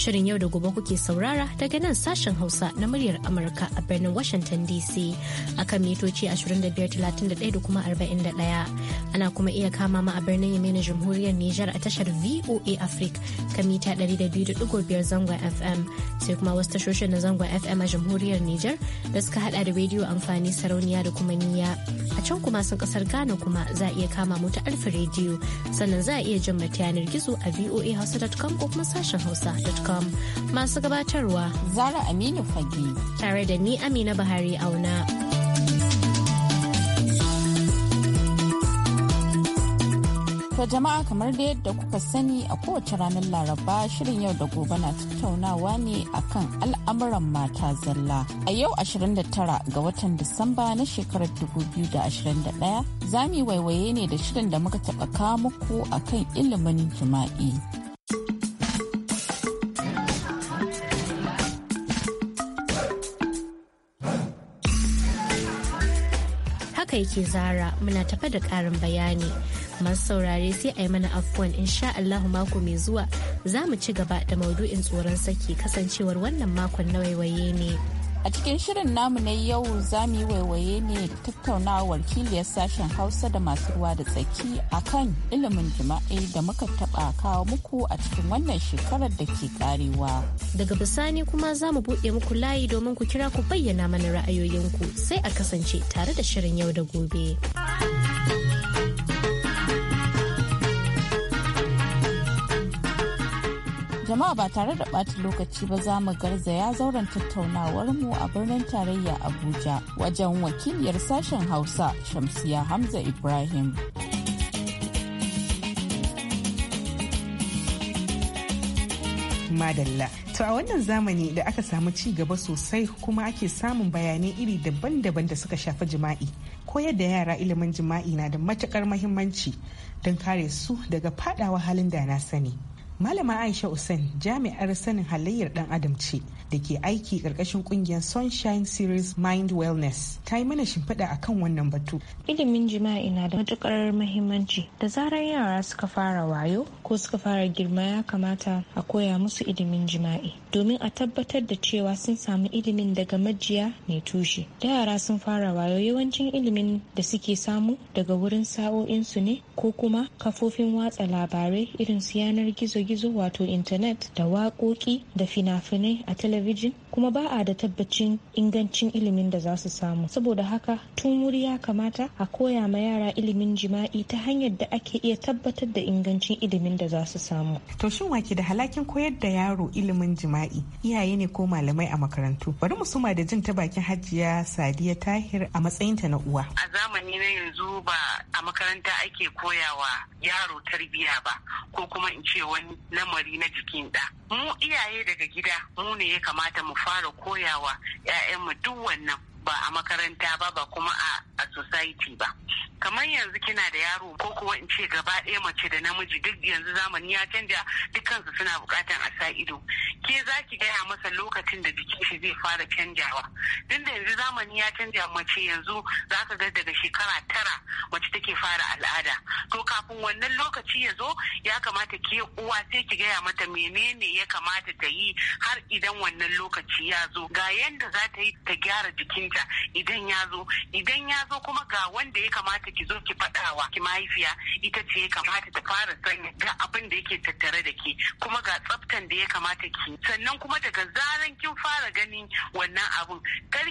Shirin yau da gobe kuke saurara daga nan sashen Hausa na muryar Amurka a birnin Washington DC kan mitoci 2531 da kuma 41. Ana kuma iya kama ma a birnin Yemen na Jamhuriyar Nijar a tashar VOA Africa kan mita 200.5 zangon FM sai kuma wasu tashoshin na zangon FM a Jamhuriyar Nijar da suka hada da rediyo amfani sarauniya da kuma niya. A can kuma sun kasar Ghana kuma za a iya kama mu ta alfa rediyo sannan za a iya jin mata yanar gizo a voahausa.com ko kuma sashen hausa.com masu gabatarwa Zara Aminu Fage tare da ni Amina Buhari auna. Ta jama'a kamar da yadda kuka sani a kowace ranar Laraba shirin yau da gobe na tattaunawa ne akan al'amuran mata zalla. A yau 29 ga watan Disamba na shekarar 2021 za waiwaye ne da shirin da muka taɓa kawo muku akan ilimin jima'i. haka yake zara muna tafa da karin bayani masu saurare sai a yi mana afuwan insha Allahu mako mai zuwa za mu ci gaba da maudu'in tsoron saki kasancewar wannan makon na waiwaye ne. A cikin shirin namu na yau za mu yi waiwaye ne tattaunawar kiliyar sashen Hausa da masu ruwa da tsaki a kan ilimin jima'i da muka taɓa kawo muku a cikin wannan shekarar da ke karewa. Daga bisani kuma za mu buɗe muku layi domin ku kira ku bayyana mana ra'ayoyinku sai a kasance tare da shirin yau da gobe. amma ba tare da ɓata lokaci ba za mu garzaya zauren tattaunawar mu a birnin tarayya abuja wajen wakiliyar sashen hausa shamsiya hamza ibrahim madalla to a wannan zamani da aka samu ci gaba sosai kuma ake samun bayanai iri daban-daban da suka shafi jima'i koyar da yara ilimin jima'i na da matukar mahimmanci don kare su daga fadawa halin da na sani Malama Aisha Hussein jami'ar sanin halayyar dan adam ce da ke aiki karkashin kungiyar Sunshine Series Mind Wellness ta yi mana shimfiɗa a kan wannan batu. Ilimin jima'i na da matukar muhimmanci da zarar yara suka fara wayo ko suka fara girma ya kamata a koya musu ilimin jima'i domin a tabbatar da cewa sun samu ilimin daga majiya mai tushe. Da yara sun fara wayo yawancin ilimin da suke samu daga wurin sa'o'insu ne ko kuma kafofin watsa labarai irin su yanar gizo gizo wato intanet da waƙoƙi da fina-finai a talabijin kuma ba a da tabbacin ingancin ilimin da za su samu saboda haka tun wuri ya kamata a koya ma yara ilimin jima'i ta hanyar da ake iya tabbatar da ingancin ilimin da za su samu to shin wake da halakin koyar da yaro ilimin jima'i iyaye ne ko malamai a makarantu bari mu suma da jin ta bakin hajiya sadiya tahir a matsayinta na uwa a zamani na yanzu ba a makaranta ake koyawa yaro tarbiya ba ko kuma in ce wani lamari na jikin da mu iyaye daga gida mu ne ya kamata mu fara koyawa 'ya'yanmu duk wannan ba a makaranta ba ba kuma a a society ba kamar yanzu kina da yaro ko kuwa in ce gaba ɗaya mace da namiji duk yanzu zamani ya canja dukansu suna bukatan a sa ido ke za ki gaya masa lokacin da jikin shi zai fara canjawa duk da yanzu zamani ya canja mace yanzu za ka ga daga shekara tara mace take fara al'ada to kafin wannan lokaci ya zo ya kamata ke uwa sai ki gaya mata menene ya kamata ta yi har idan wannan lokaci ya zo ga yanda za ta yi ta gyara jikin mijinta idan ya zo idan ya zo kuma ga wanda ya kamata ki zo ki faɗawa ki mahaifiya ita ce ya kamata ta fara sanya ga abin da yake tattare da ke kuma ga tsaftan da ya kamata ki sannan kuma daga zaran kin fara gani wannan abin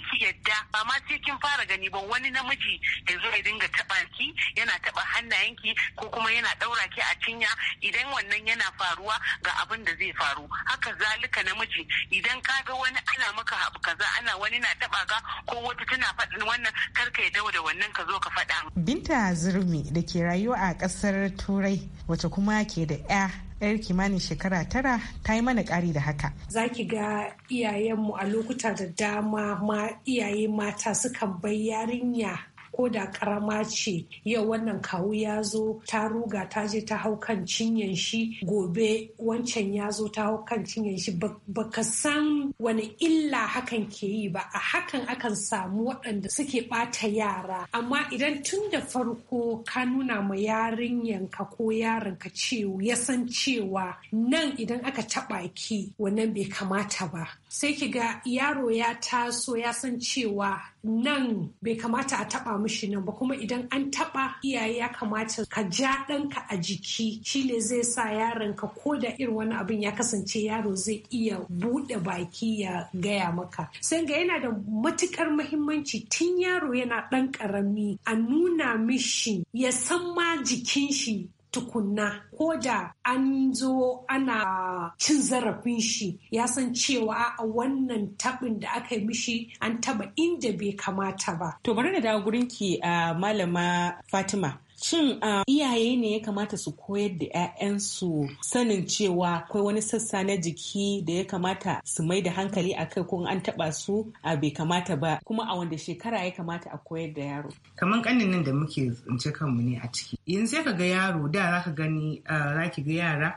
ki yadda ba ma sai kin fara gani ba wani namiji ya zo ya dinga taɓa ki yana taɓa ki ko kuma yana ɗaura ki a cinya idan wannan yana faruwa ga abin da zai faru haka zalika namiji idan ka ga wani ana maka kaza ana wani na taba ga. ko wata tana faɗin wannan karka ya dawo da wannan ka zo ka faɗa. Binta Zurmi da ke rayuwa a ƙasar Turai wacce kuma ke da 'ya yar kimanin shekara tara ta yi mana ƙari da haka. Za ki ga iyayenmu a lokuta da dama ma iyaye mata sukan bai yarinya ko da karama ce yau wannan kawu ya zo ta ruga ta je ta hau kan cinyan shi gobe wancan ya zo ta hau kan cinyan shi baka san wani illa hakan ke yi ba a hakan akan samu waɗanda suke ɓata yara amma idan tun da farko ka nuna ma yarinyanka ko yaranka cewa ya san cewa nan idan aka taɓa ki wannan bai kamata ba sai ki ga yaro ya taso ya san cewa nan bai kamata a taba mishi nan ba kuma idan an taba iyaye ya kamata ka ja ɗanka a jiki shine zai sa yaron ka ko da irin wani abin ya kasance yaro zai iya buɗe baki ya gaya maka sai ga yana da matukar muhimmanci tun yaro yana ɗan ƙarami a nuna mishi ya san ma jikin shi tukunna ko da an zo ana cin zarafin shi ya san cewa a wannan tabin da aka yi mishi an taba inda bai kamata ba. To bari da dawo gurinki a ah, malama Fatima. Shin ah, iyaye ne ya kamata su koyar da 'ya'yansu sanin cewa akwai wani sassa na jiki da ya kamata su mai da hankali a kai ko an taba su a ah, bai kamata ba kuma a wanda shekara ya kamata a koyar da yaro. kamar kanin nan da muke tsince kanmu ne a ciki. Yanzu sai ka ga yaro da za ka gani ah, za ki ga yara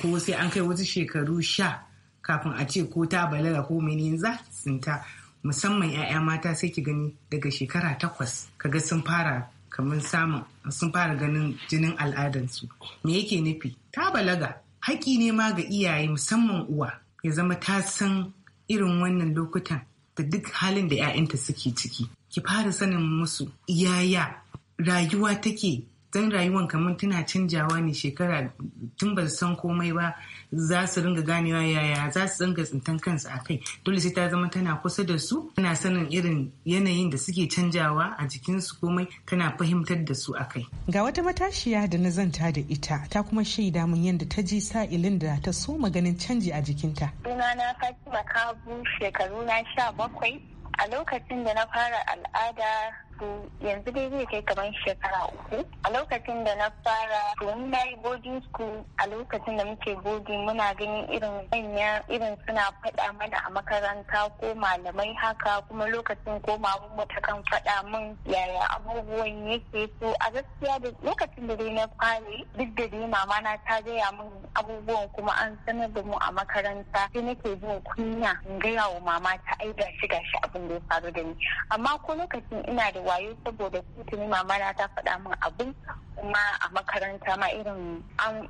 ko sai an kai wasu shekaru sha kafin a ce ko ta balaga ko mene za ki tsinta musamman 'ya'ya mata sai ki gani daga shekara takwas ka ga sun fara kamar samun sun fara ganin jinin al'adansu me yake nufi ta balaga haƙi ne ma ga iyaye musamman uwa ya zama ta san irin wannan lokutan da duk halin da 'ya'yanta suke ciki ki fara sanin musu iyaya rayuwa take zan rayuwan kamar tana canjawa ne shekara tun ba san komai ba za su ringa ganewa yaya za su ringa tsintan kansu a kai dole sai ta zama tana kusa da su tana sanin irin yanayin da suke canjawa a jikinsu komai tana fahimtar da su a kai ga wata matashiya da na zanta da ita ta kuma shaida mun yadda ta ji sa'ilin da ta so maganin canji a jikinta na fatima kabu shekaru na sha bakwai a lokacin da na fara al'ada yanzu yanzu dai zai kai kamar shekara uku a lokacin da na fara domin na boarding school a lokacin da muke boarding muna ganin irin manya irin suna faɗa mana a makaranta ko malamai haka kuma lokacin ko mamun ta kan faɗa min yaya abubuwan yake so a gaskiya da lokacin da dai na fara duk da dai mama na ta gaya min abubuwan kuma an sanar da mu a makaranta sai nake jin kunya in gaya wa mama ta ai gashi gashi abin da ya faru da ni amma ko lokacin ina da wayo saboda kutumi mama na ta faɗa min abin kuma a makaranta ma irin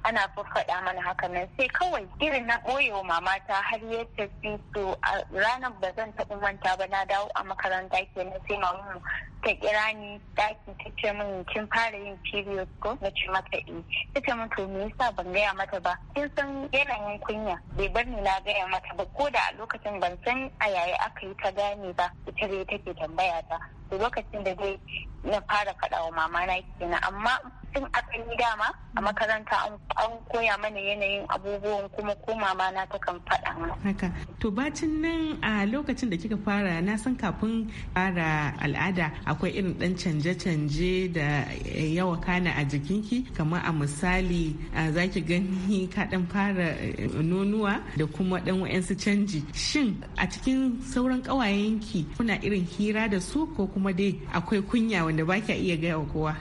ana faɗa mana haka nan sai kawai irin na ɓoyewa mamata har ta tafi so a ranar ba zan taɓa manta ba na dawo a makaranta ke na sai mamu ta kira ni daki ta ce min kin fara yin period ko na ce mata eh ta ce min to me yasa ban gaya mata ba kin san yanayin kunya bai bar ni na gaya mata ba ko da a lokacin ban san a yaya aka yi ta gane ba ita dai take tambaya ta lokacin da dai na fara faɗa wa mama na kenan amma tun akan yi dama a mm. makaranta an koya mana yanayin abubuwan kuma ko mama na ta kan faɗa Haka. To bacin nan a lokacin da kika fara na san kafin fara al'ada akwai irin ɗan canje-canje da yawa kana a jikinki kamar a misali za ki gani ka ɗan fara eh, nonuwa da kuma ɗan wa'yansu canji. Shin a cikin sauran ƙawayenki kuna irin hira da su ko kuma dai akwai kunya wanda ba iya gaya wa kowa?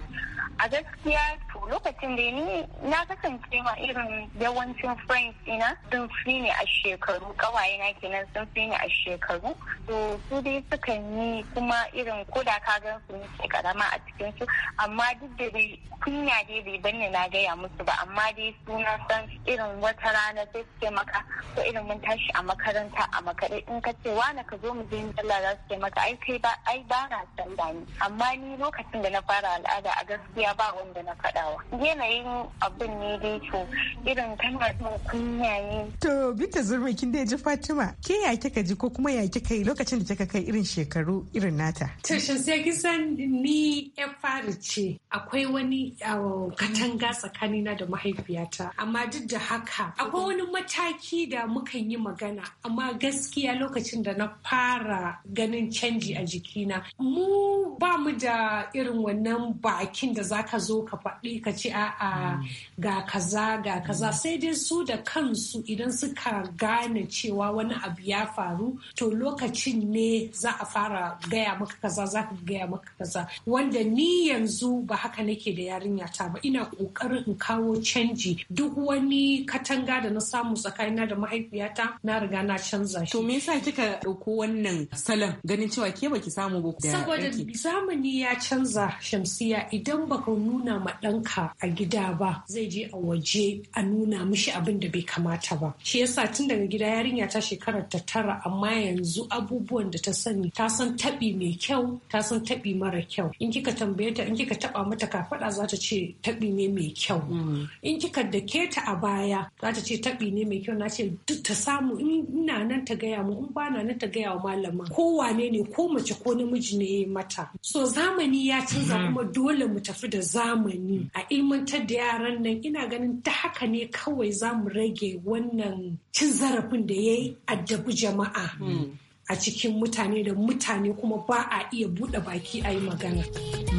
a gaskiya lokacin da ni na kasance ma irin yawancin friends ina sun fi ne a shekaru kawaye na kenan sun fi ne a shekaru to su dai sukan yi kuma irin koda ka gan su ne karama a cikin su amma duk da dai kunya dai bai banne na gaya musu ba amma dai suna san irin wata rana sai suke maka ko irin mun tashi a makaranta a makare in ka ce wani ka zo mu je mu za su ce maka ai kai ba ai ba na san ni amma ni lokacin da na fara al'ada a gaskiya ba wanda na faɗawa yanayin abin ne dai to irin kana jin kunya ne. To Binta Zurmi kin dai ji Fatima ke ya kika ji ko kuma ya kika yi lokacin da kika kai irin shekaru irin nata. To shin sai kisan ni ya fara ce akwai wani ah, katanga tsakanina da mahaifiyata amma duk da haka akwai wani mataki da mukan yi magana amma gaskiya lokacin da na fara ganin canji a jikina mu ba mu da irin wannan bakin da zaka zo ka faɗi ka ka ce a'a mm. ga kaza ga kaza mm. sai dai su da kansu idan suka gane cewa wani abu ya faru to lokacin ne za a fara gaya maka kaza za ka gaya maka kaza wanda ni yanzu ba haka nake da yarinya ta ba ina kokarin in kawo canji duk wani katanga da na samu tsakanina da mahaifiyata na riga na canza shi to me yasa kika dauko wannan salon ganin cewa ke baki samu ba saboda zamani ya canza shamsiya idan baka nuna ma ɗanka haka a gida ba zai je a waje a nuna mishi abin da bai kamata ba shi yasa tun daga gida yarinya ta shekarar ta tara amma yanzu abubuwan da ta sani ta san tabi mai kyau ta san tabi mara kyau in kika tambaye ta in kika taɓa mata kafaɗa za ta ce tabi ne mai kyau mm. in kika dake ta a baya za ta ce tabi ne mai kyau na ce duk ta samu in ina nan ta gaya mu in ba na nan ta gaya wa malama ko wane ne ko mace ko namiji ne mata so zamani ya canza mm. kuma dole mu tafi da zamani a ilmantar da yaran nan ina ganin ta haka ne kawai za mu rage wannan cin zarafin da ya yi addabi jama'a hmm. a cikin mutane da mutane kuma ba a iya buɗe baki a yi magana.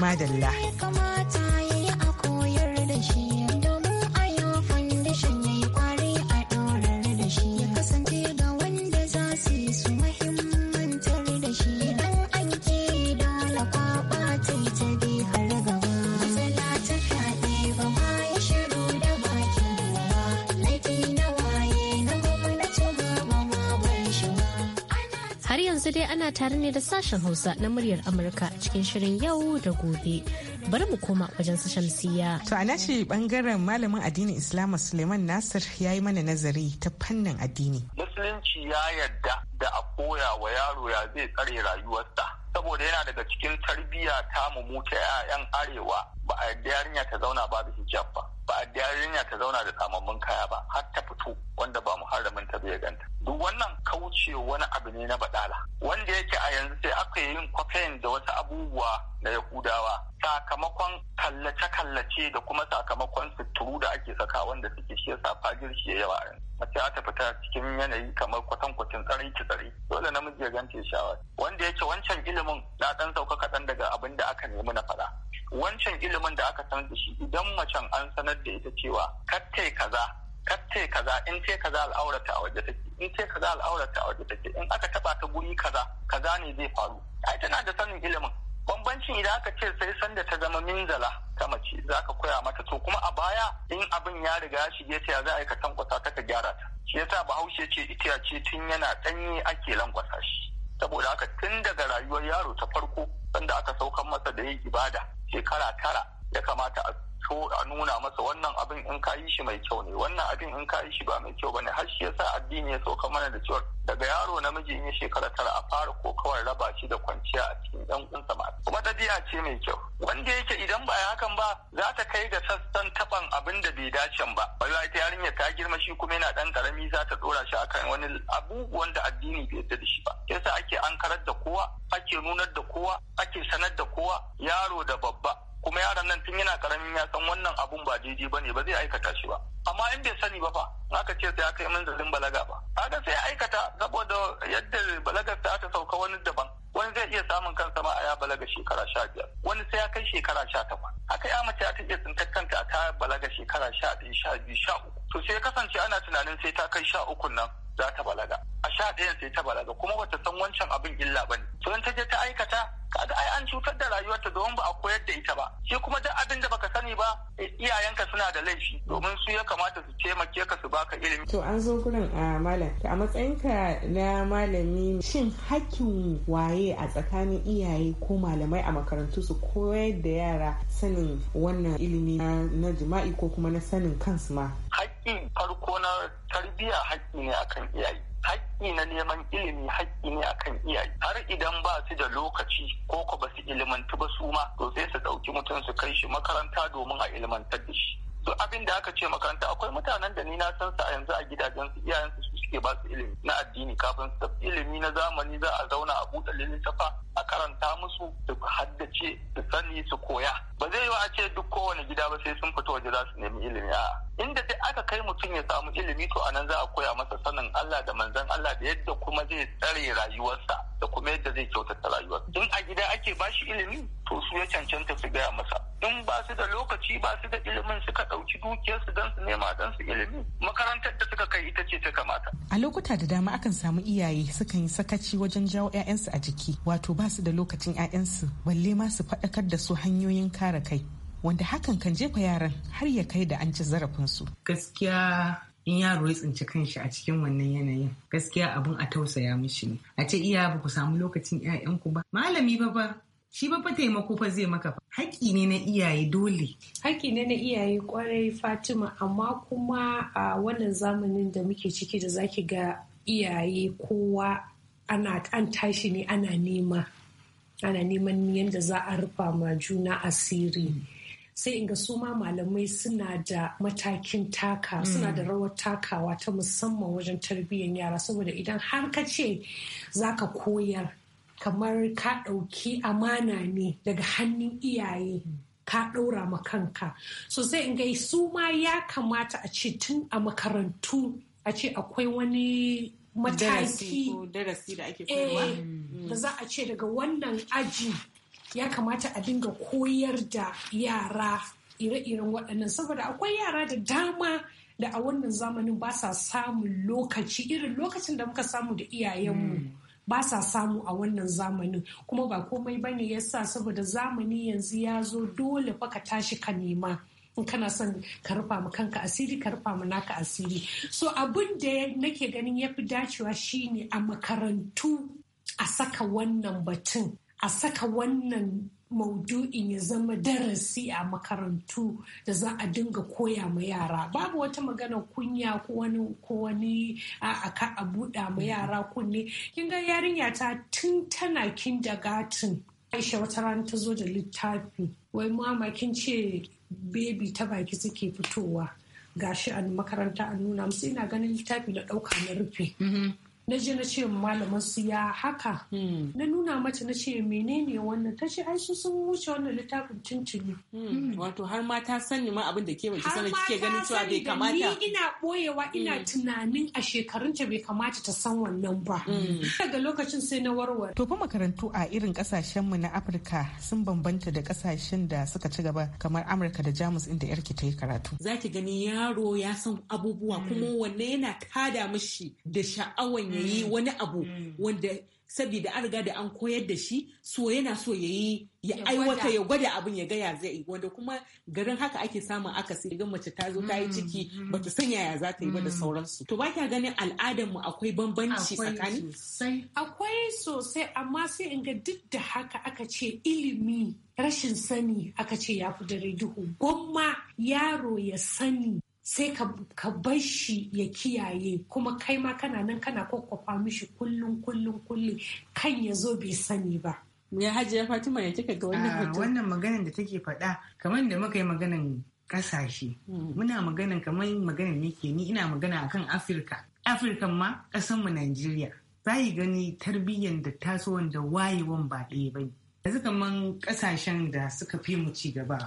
Madalla. yanzu dai ana tare ne da sashen Hausa na muryar Amurka cikin shirin yau da gobe. Bari mu koma wajen su shamsiya. To a nashi bangaren malamin addinin islam Suleiman Nasir ya yi mana nazari ta fannin addini. Musulunci ya yarda da a koya wa yaro ya zai tsare rayuwarsa. saboda yana daga cikin tarbiyya ta mu ta 'ya'yan arewa ba a yarda yarinya ta zauna babu hijab ba ba a yarda yarinya ta zauna da tsamammun kaya ba har ta fito wanda ba muharramin ta bai ganta duk wannan kauce wani abu ne na baɗala. wanda yake a yanzu sai aka yi kwafen da wasu abubuwa na yahudawa sakamakon kallace-kallace da kuma sakamakon suturu da ake saka wanda suke shi yasa fagirci ya yawa yanzu sai ta fita cikin yanayi kamar kwatankwacin tsaraici tsari dole namiji ya gante shawar wanda yake wancan ilimin na dan sauka kaɗan daga abin da aka nemi na faɗa wancan ilimin da aka sanar da shi idan macen an sanar da ita cewa kattai kaza kattai kaza in ce kaza al'aurata a waje take in ce kaza al'aurata a waje take in aka taba ta guri kaza kaza ne zai faru ai tana da sanin ilimin bambancin idan aka ce sai sanda ta zama minzala ta mace za ka koya mata to kuma a baya in abin ya riga ya shige ta ya za a yi ka tankwasa ta ka gyara ta shi yasa bahaushe ce itiya ce tun yana ɗanye ake lankwasa shi saboda haka tun daga rayuwar yaro ta farko sanda aka saukan masa da yin ibada shekara tara ya kamata a so a nuna masa wannan abin in ka yi shi mai kyau ne wannan abin in ka yi shi ba mai kyau bane har shi yasa addini ya sauka mana da cewa daga yaro na miji in ya shekara tara a fara ko kawai raba shi da kwanciya a cikin yan kunsa ma kuma dabi'a ce mai kyau wanda yake idan ba hakan ba za ta kai ga sassan taban abin da bai dace ba wallahi ita yarinya ta girma shi kuma yana dan karami za ta dora shi akan wani abu wanda addini bai yarda da shi ba yasa ake ankarar da kowa ake nunar da kowa ake sanar da kowa yaro da babba kuma yaron nan tun yana karamin ya san wannan abun ba daidai ba ne ba zai aikata shi ba amma in bai sani ba fa aka ce sai aka yi min manzalin balaga ba kaga sai aikata saboda yadda balagar ta ta sauka wani daban wani zai iya samun kansa ma a ya balaga shekara sha biyar wani sai ya kai shekara sha takwas haka ya mace ta iya tsintar kanta a ta balaga shekara sha biyu sha biyu sha uku to sai kasance ana tunanin sai ta kai sha ukun nan za ta balaga a sha ɗayan sai ta balaga kuma bata san wancan abin illa bane to in ta je ta aikata kaga ai an cutar da rayuwarta domin ba a koyar da ita ba shi kuma duk abin da baka sani ba iyayenka suna da laifi domin su ya kamata su taimake ka su baka ilimi to an zo gurin a malam a matsayinka na malami shin hakkin waye a tsakanin iyaye ko malamai a makarantu su koyar da yara sanin wannan ilimi na jima'i ko kuma na sanin kansu ma hakkin farko na tarbiya haƙƙi ne akan iyaye haƙƙi na neman ilimi haƙƙi ne akan iyaye har idan ba su da lokaci ko ko ba su ilimantu ba su ma to sai su ɗauki mutum su kai shi makaranta domin a ilimantar da shi to abin da aka ce makaranta akwai mutanen da ni na san su a yanzu a gidajen su iyayen su suke ba su ilimi na addini kafin su tafi ilimi na zamani za a zauna a buɗe littafa a karanta musu su haddace su sani su koya ba zai wa a ce duk kowane gida ba sai sun fito waje za su nemi ilimi a inda sai aka kai mutum ya samu ilimi to anan za a koya masa sanin Allah da manzon Allah da yadda kuma zai tsare rayuwarsa da kuma yadda zai kyautata rayuwarsa in a gida ake bashi ilimi to su ya cancanta su gaya masa in ba su da lokaci ba su da ilimin suka ɗauki dukiyarsu don su nema don su ilimi makarantar da suka kai ita ce ta kamata. A lokuta da dama akan samu iyaye sukan yi sakaci wajen jawo 'ya'yansu a jiki wato ba su da lokacin 'ya'yansu balle ma su faɗakar da su hanyoyin kare kai wanda hakan kan jefa yaran har ya kai da an ci zarafinsu. Gaskiya in yaro ya tsinci kanshi a cikin wannan yanayin gaskiya abin a tausaya mishi ne a ce iya ba ku samu lokacin 'ya'yanku ba malami ba ba shi ba fa taimako fa zai maka fa haƙƙi ne na iyaye dole haƙƙi ne na iyaye kwarai fatima amma kuma a wannan zamanin da muke ciki da zaki ga iyaye kowa ana an tashi ne ana nema ana neman yadda za a rufa ma juna asiri mm. sai inga su ma malamai suna da matakin taka suna da mm. rawar takawa ta musamman wajen tarbiyyar yara saboda idan har ka ce za ka koyar kamar ka ɗauki amana ne daga hannun iyaye ka ɗaura ma kanka so sai in gai su ma ya kamata a ce tun a makarantu a ce akwai wani mataki darasi da eh, mm. da za a ce daga wannan aji ya kamata a dinga koyar da yara ire-iren waɗannan saboda akwai yara da dama da a wannan zamanin ba sa samun lokaci irin lokacin da muka samu da iyayenmu mm. ba sa samu a wannan zamanin kuma ba komai ba bane yasa saboda zamani yanzu ya zo dole ka tashi ka nema in kana son ka rufa mu kanka asiri ka rufa mu naka asiri so abin da nake ganin ya fi dacewa shine a makarantu a saka wannan batun a saka wannan maudu'in ya zama darasi a makarantu da za a dinga koya ma yara babu wata magana kunya ko wani ko a ka a buɗa ma yara kunne kin ga yarinya ta tun tana kin da gatin Aisha wata rana ta zo da littafi wai mama kin ce bebi ta baki suke fitowa gashi a makaranta a nuna musu ina ganin littafi na ɗauka na rufe mm-hmm. na ji na ce malamin su ya haka hmm. na nuna mata na ce menene wannan ta ce aishi sun wuce wannan littafin tuntuni hmm. Hmm. wato har ma ta sani ma abin da ke wace sanar kike ganin cewa bai kamata ni ina boyewa ina tunanin a shekarun ta bai kamata ta san wannan ba daga lokacin sai na warware to fa makarantu a irin kasashen mu na Afirka sun bambanta da kasashen da suka ci gaba kamar Amurka da Jamus inda yarki ta yi karatu zaki gani yaro ya san abubuwa kuma wanne yana kada mishi da sha'awan ya mm. wani abu mm. wanda sabida an riga da an koyar da shi so yana so ya yi ya aiwata ya gwada abin ya gaya zai yi wanda kuma garin haka ake samun akasi ga mace ta zo ta yi mm. ciki Ba ta san yaya za ta yi ba da sauransu to ba kya ganin al'adar mu akwai bambanci tsakani akwai sosai amma sai in ga duk da haka aka ce ilimi rashin sani aka ce ya fi dare duhu gwamma yaro ya sani sai ka bar shi ya kiyaye kuma kai ma kana nan kana kwakwafa mishi kullum kullum kullum kan ya zo bai sani ba ya hajiya fatima ya kika ga wannan ah, hoto wannan maganan da take faɗa kamar da muka yi maganan ƙasashe hmm. muna maganan kamar maganan yake ni ina magana a kan afirka afirka ma ƙasanmu najeriya bayi gani tarbiyyar da taso da wayewan ba ɗaya ba yanzu kaman ƙasashen da suka fi mu ci gaba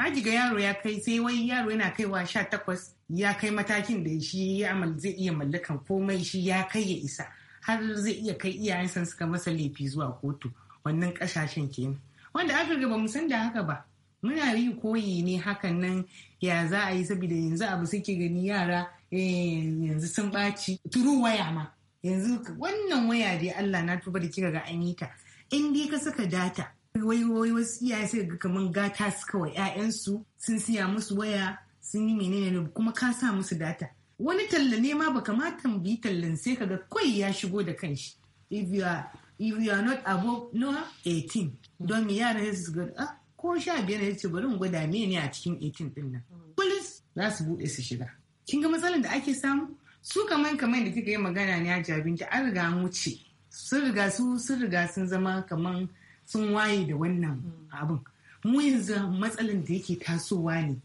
Haji ga yaro ya kai sai wai yaro yana kaiwa sha takwas ya kai matakin da shi ya zai iya mallakan komai shi ya kai ya isa har zai iya kai iyayensa suka masa laifi zuwa kotu wannan kasashen kenan wanda aka ga mu san da haka ba muna yi koyi ne hakan nan ya za a yi saboda yanzu abu suke gani yara eh, yanzu sun ɓaci turu waya ma yanzu wannan waya dai allah na tuba da kika ga an yi ta in dai ka saka data wai wai wasu iyaye sai ga kaman gata su kawai ƴaƴansu sun siya musu waya sun yi menene kuma ka sa musu data wani talla ne ma baka mu tambayi tallan sai kaga kai ya shigo da kanshi if you are if you are not above no 18 don mi yaran su ga ah ko sha biyar ne ce bari mu gwada me ne a cikin 18 din nan police za su bude su shiga kin ga matsalan da ake samu su kaman kaman da kika yi magana ne a jabinta an riga an wuce sun riga su sun riga sun zama kaman sun waye da wannan mm. abin mu yanzu matsalan da yake tasowa ne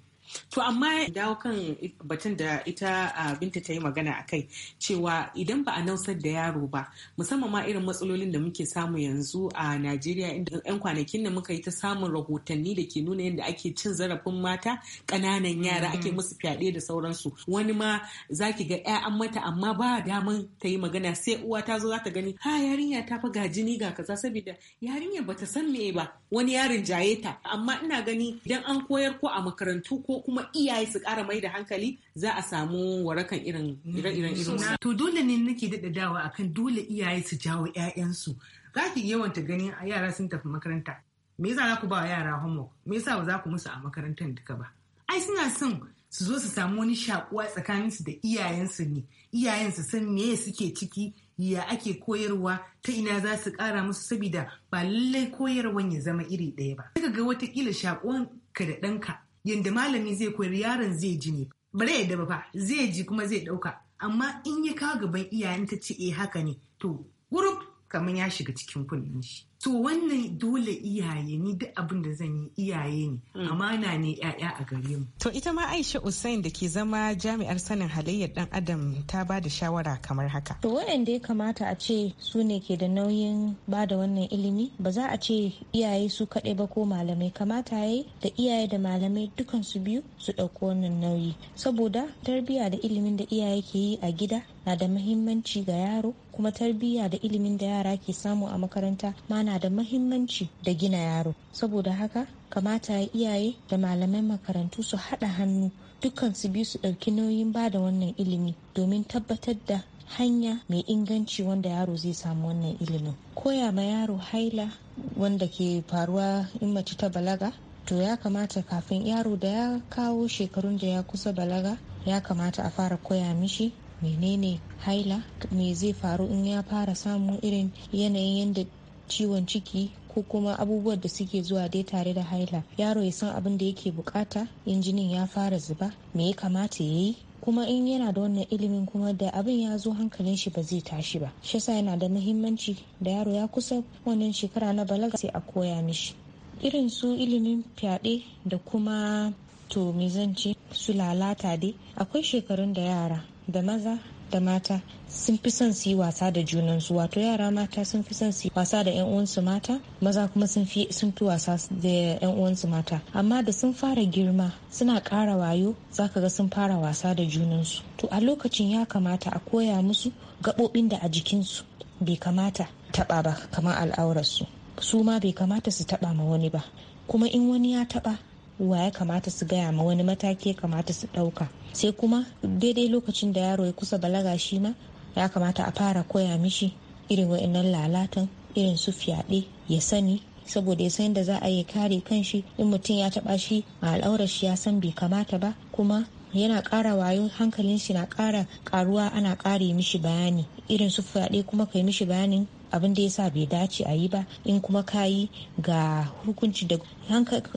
To amma dawo kan batun da ita binta ta yi magana a kai cewa idan ba a nausar da yaro ba musamman ma irin matsalolin da muke samu yanzu a Najeriya inda 'yan kwanakin da muka yi ta samun rahotanni da ke nuna yadda ake cin zarafin mata ƙananan yara ake mm. musu fyaɗe da sauransu wani ma za ki ga 'ya'yan mata amma ba daman ta yi magana sai uwa ta zo za ta gani ha yarinya ta fi ga jini ga kaza saboda yarinya bata san me ba wani yarin jaye ta amma ina gani idan an koyar ko a makarantu ko ko kuma iyaye su kara mai da hankali za a samu warakan irin irin irin to dole ne nake daɗaɗawa akan dole iyaye su jawo 'ya'yansu za ki yawanta ganin yara sun tafi makaranta me yasa za ku ba yara homework me yasa ba za ku musu a makarantar duka ba ai suna son su zo su samu wani shakuwa tsakaninsu da iyayensu ne iyayen su san me suke ciki ya ake koyarwa ta ina za su kara musu saboda ba lallai koyarwan ya zama iri ɗaya ba. Daga ga watakila shakuwan ka da ɗanka yadda malami zai koyar yaron zai ji ne bare yadda ba fa zai ji kuma zai ɗauka amma in ya kawo gaban iyayen ta ce eh haka ne to gurup kamar ya shiga cikin kunnen shi to wannan dole iyaye ni duk abin da zan yi iyaye ne mm. amana ne yaya a gare mu to ita ma Aisha Usain da ke zama jami'ar sanin halayyar dan adam ta ba da shawara kamar haka to waɗanda ya kamata a ce su ne ke da nauyin ba da wannan ilimi ba za a ce iyaye su kaɗai ba ko malamai kamata yayi da iyaye da malamai dukan su biyu su ɗauko wannan nauyi saboda tarbiyya da ilimin da iyaye ke yi a gida na da muhimmanci ga yaro kuma tarbiyya da ilimin da yara ke samu a makaranta ma na da mahimmanci da gina yaro saboda haka kamata iyaye da malaman makarantu su haɗa hannu dukkan su bi su ɗauki nauyin ba da wannan ilimi domin tabbatar da hanya mai inganci wanda yaro zai samu wannan ilimin koya ma yaro haila wanda ke faruwa in mace ta balaga to ya kamata kafin yaro da ya kawo shekarun da ya kusa balaga ya kamata a fara koya mishi menene haila me zai faru in ya fara samun irin yanayin yadda ciwon ciki ko kuma abubuwan da suke zuwa dai tare da haila yaro ya san abin da yake bukata injinin ya fara zuba me ya kamata ya yi kuma in yana da wannan ilimin kuma da abin ya zo hankalin shi ba zai tashi ba shi yasa yana da muhimmanci da yaro ya kusa wannan shekara na balaga sai a koya mishi irin su ilimin fyaɗe da kuma to me zan ce su lalata dai akwai shekarun da yara da maza da mata sun fi son su yi wasa da junansu wato yara mata sun fi son su yi wasa da yan uwansu mata maza kuma sun fi sun fi wasa da yan uwansu mata amma da sun fara girma suna ƙara wayo zaka ga sun fara wasa da junansu to a lokacin ya kamata a koya musu gaɓoɓin da a jikinsu bai kamata taɓa ba kamar al'aurarsu su ma bai kamata su taɓa ma wani ba kuma in wani ya taɓa wa ya kamata su gaya ma wani mataki ya kamata su ɗauka sai kuma daidai lokacin da yaro ya kusa balaga shi ma ya kamata a fara koya mishi irin wa'annan lalatan irin su fyaɗe ya sani saboda ya san da za a yi kare kanshi in mutum ya taɓa shi a al'aurar shi ya san bai kamata ba kuma yana ƙara wayo hankalin shi na ƙara ƙaruwa ana ƙare mishi bayani irin su fyaɗe kuma kai mishi bayanin abin da yasa bai dace a yi ba in kuma ka yi ga hukunci da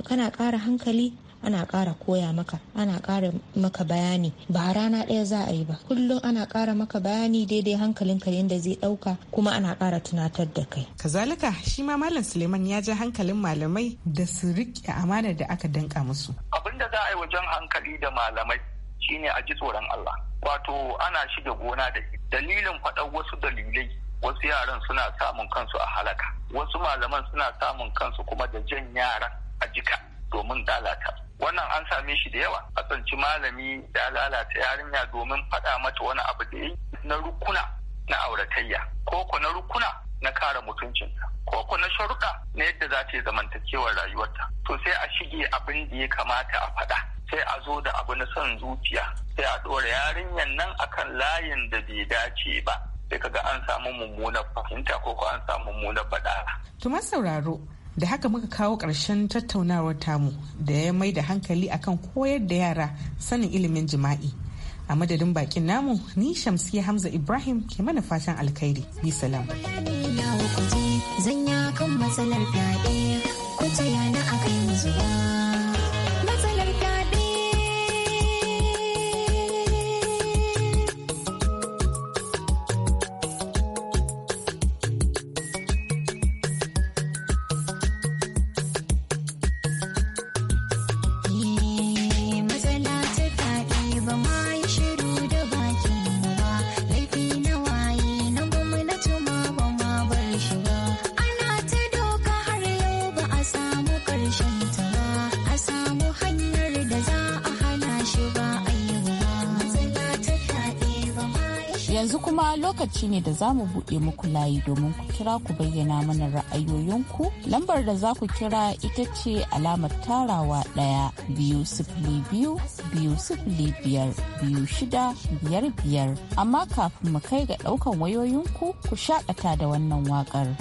kana ƙara hankali ana kara koya maka ana kara maka bayani ba rana ɗaya za a yi ba kullum ana kara maka bayani daidai hankalin ka yadda zai ɗauka kuma ana ƙara tunatar da kai kazalika shi ma malam suleiman ya ja hankalin malamai da su riƙe amanar da aka danka musu abin da za a yi wajen hankali da malamai shine a ji tsoron allah wato ana shiga gona da dalilin faɗar wasu dalilai wasu yaran suna samun kansu a halaka wasu malaman suna samun kansu kuma da jan yaran a jika domin lalata wannan an same shi da yawa a tsanci malami ya lalata yarinya domin faɗa mata wani abu da ya na rukuna na auratayya ko ko na rukuna na kare mutuncinta ko ko na sharuɗa na yadda za ta yi zamantakewar rayuwarta to sai a shige abin da ya kamata a faɗa sai a zo da abu na son zuciya sai a ɗora yarinyan nan akan layin da bai dace ba sai kaga an samu mummunar fahimta ko ko an samu mummunar badara. Tuma sauraro da haka muka kawo ƙarshen tattaunawar tamu da ya mai da hankali akan koyar da yara sanin ilimin jima'i. A madadin bakin namu ni Shamsiya Hamza Ibrahim ke mana fatan alkhairi. Bi salam. Zanya kan matsalar fyaɗe, yana a kai zuwa. Yanzu kuma lokaci ne da za mu buɗe muku layi domin ku kira ku bayyana mana ra'ayoyinku. Lambar da za ku kira ita ce alamar tarawa ɗaya biyu sifili biyu biyu sifili biyar biyu shida biyar biyar. Amma kafin mu kai ga ɗaukan wayoyinku ku shaƙata da wannan waƙar.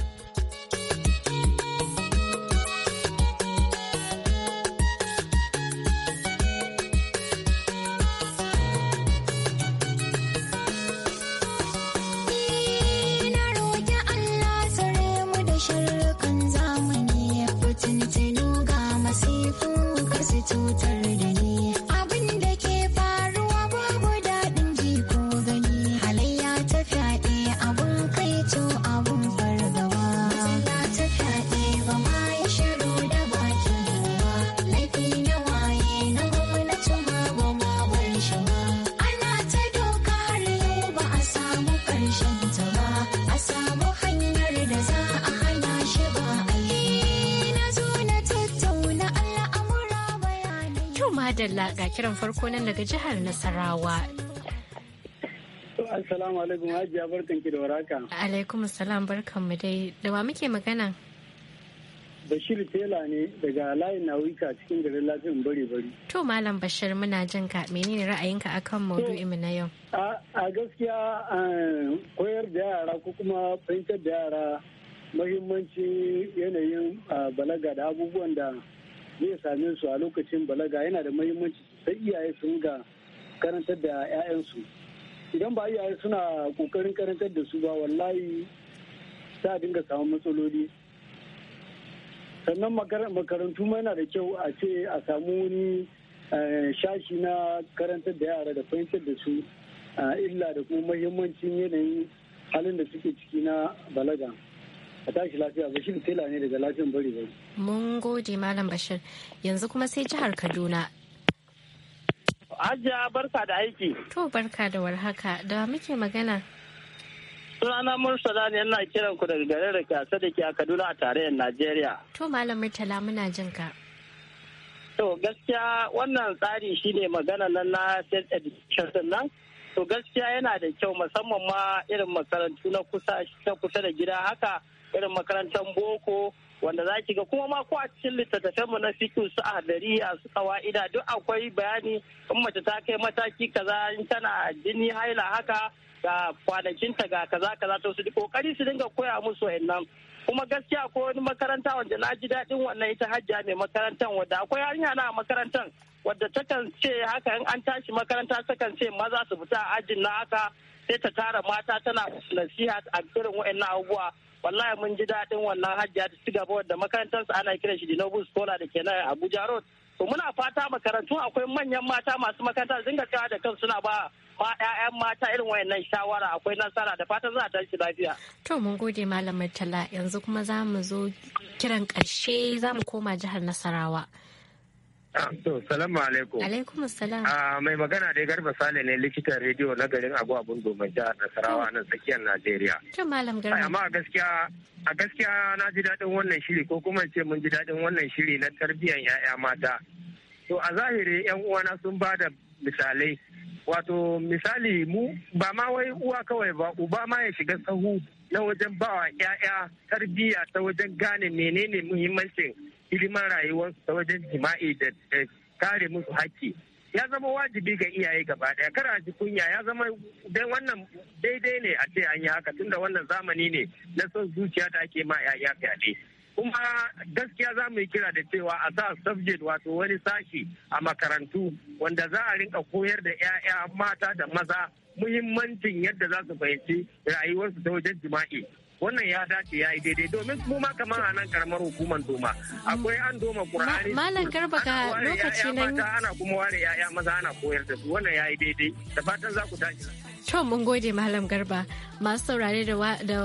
Abdullah ga kiran farko nan daga jihar Nasarawa. Assalamu alaikum Hajiya barkan ki da waraka. Alaikum assalam barkan mu dai da wa muke magana? Bashir Tela ne daga layin Nawika cikin garin lafiyan bari bari. To Malam Bashir muna jin ka menene ra'ayinka akan maudu'in mu na yau? A gaskiya koyar da yara ko kuma fahimtar da yara mahimmanci yanayin balaga da abubuwan da zai same su a lokacin balaga yana da mahimmanci sai iyaye sun ga karantar da 'ya'yansu idan ba iyaye suna kokarin karantar da su ba wallahi ta dinga samu matsaloli sannan makarantu ma yana da kyau a ce a samu wani eh, shashi na karantar da yara da fahimtar da su eh, illa da kuma mahimmancin yanayin halin da suke ciki na balaga. a tashi lafiya bashir tela ne daga lafiyan bari bari mun gode malam bashir yanzu kuma sai jihar kaduna Ajiya barka da aiki. To barka da warhaka da muke magana. Sunana Murtala ne yana kiran ku daga garin Rikasa da ke a Kaduna a tarayyar Najeriya. To Malam Murtala muna jin ka. To gaskiya wannan tsari shine magana nan na state education nan. To gaskiya yana da kyau musamman ma irin makarantu na kusa da gida haka. irin makarantar boko wanda za ki ga kuma ma ko a cikin littattafan mu na fikin su a hadari su kawaida duk akwai bayani in mace ta kai mataki kaza in tana jini haila haka ga kwanakinta ga kaza kaza to su kokari su dinga koya musu wayannan kuma gaskiya ko wani makaranta wanda na ji daɗin wannan ita hajja mai makarantar wadda akwai yarinya na makarantar wadda takan ce haka in an tashi makaranta takan ce maza su fita ajin na haka sai ta tara mata tana nasiha a irin wa'annan abubuwa wallahi mun ji daɗin wannan hajjiya ta ci gaba makarantar su ana kiran shi Dinobu Scholar da ke nan Abuja Road. To muna fata makarantu akwai manyan mata masu makaranta dinga kawo da kansu suna ba ma 'ya'yan mata irin wayannan shawara akwai nasara da fatan za ta shi lafiya. To mun gode malamar tala yanzu kuma za mu zo kiran ƙarshe za mu koma jihar Nasarawa. To, salamu alaikum. Alaikum salam. Ah, mai magana dai Garba Sale ne likitan rediyo na garin abu Abun Domin jihar Nasarawa nan tsakiyar Najeriya. Cin Malam Garba. Amma a gaskiya a gaskiya na ji daɗin wannan shiri ko kuma ce mun ji daɗin wannan shiri na tarbiyyar 'ya'ya mata. To, a zahiri 'yan uwana sun ba da misalai. Wato, misali mu ba ma wai uwa kawai ba, uba ma ya shiga sahu na wajen bawa 'ya'ya tarbiyya ta wajen gane menene muhimmancin hidimar rayuwarsu ta wajen jima'i da kare musu haƙƙi ya zama wajibi ga iyaye gaba daya kar a ji kunya ya zama dai wannan daidai ne a ce an yi haka tunda wannan zamani ne na son zuciya da ake ma ya'ya fyaɗe kuma gaskiya za mu yi kira da cewa a sa subject wato wani sashi a makarantu wanda za a rinka koyar da 'ya'ya mata da maza muhimmancin yadda za su fahimci rayuwarsu ta wajen jima'i wannan ya dace ya yi daidai domin mu ma kamar a nan karamar hukumar doma akwai an doma kurani malam garba ga lokaci nan ana kuma ware ya maza ana koyar da su wannan ya yi daidai da fatan za ku dace To mun gode Malam Garba masu saurare da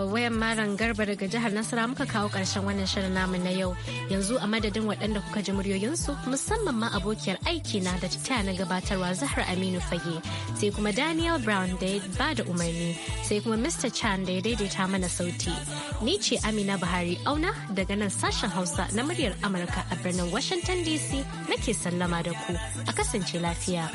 wayan maran Garba daga jihar Nasara muka kawo karshen wannan shirin namu na yau yanzu a madadin waɗanda kuka ji muryoyinsu musamman ma abokiyar aiki na da ta na gabatarwa Zahra Aminu Fage sai kuma Daniel Brown da ya ba da umarni sai kuma Mr. Chan da ya daidaita mana sauti. Ni ce Amina Buhari auna daga nan sashen Hausa na muryar Amurka a birnin Washington DC nake sallama da ku a kasance lafiya.